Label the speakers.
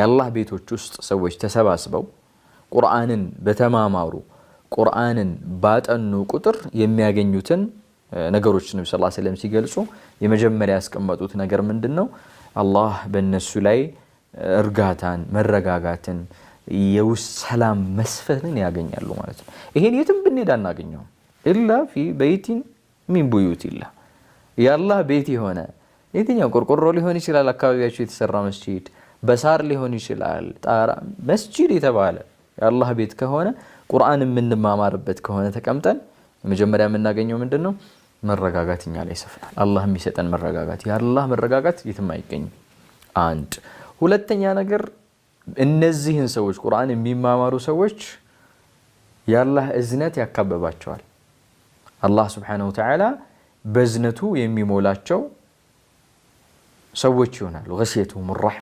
Speaker 1: የአላህ ቤቶች ውስጥ ሰዎች ተሰባስበው ቁርአንን በተማማሩ ቁርአንን ባጠኑ ቁጥር የሚያገኙትን ነገሮች ነቢ ስ ስለም ሲገልጹ የመጀመሪያ ያስቀመጡት ነገር ምንድን ነው? አላህ በእነሱ ላይ እርጋታን፣ መረጋጋትን፣ የውስጥ ሰላም መስፈንን ያገኛሉ ማለት ነው። ይሄን የትም ብንሄድ አናገኘውም። ኢላ ፊ በይቲን ሚን ቡዩት ኢላ ቤት የሆነ የትኛው ቆርቆሮ ሊሆን ይችላል፣ አካባቢያቸው የተሰራ መስጂድ በሳር ሊሆን ይችላል። ጣራ መስጂድ የተባለ የአላህ ቤት ከሆነ ቁርአን የምንማማርበት ከሆነ ተቀምጠን መጀመሪያ የምናገኘው ምንድን ነው? መረጋጋት እኛ ላይ ይሰፍናል። አላህ የሚሰጠን መረጋጋት፣ የአላህ መረጋጋት የትም አይገኝም። አንድ ሁለተኛ ነገር እነዚህን ሰዎች ቁርአን የሚማማሩ ሰዎች የአላህ እዝነት ያካበባቸዋል። አላህ ስብሓነሁ ወተዓላ በእዝነቱ የሚሞላቸው سويتشونا لغسيته من الرحم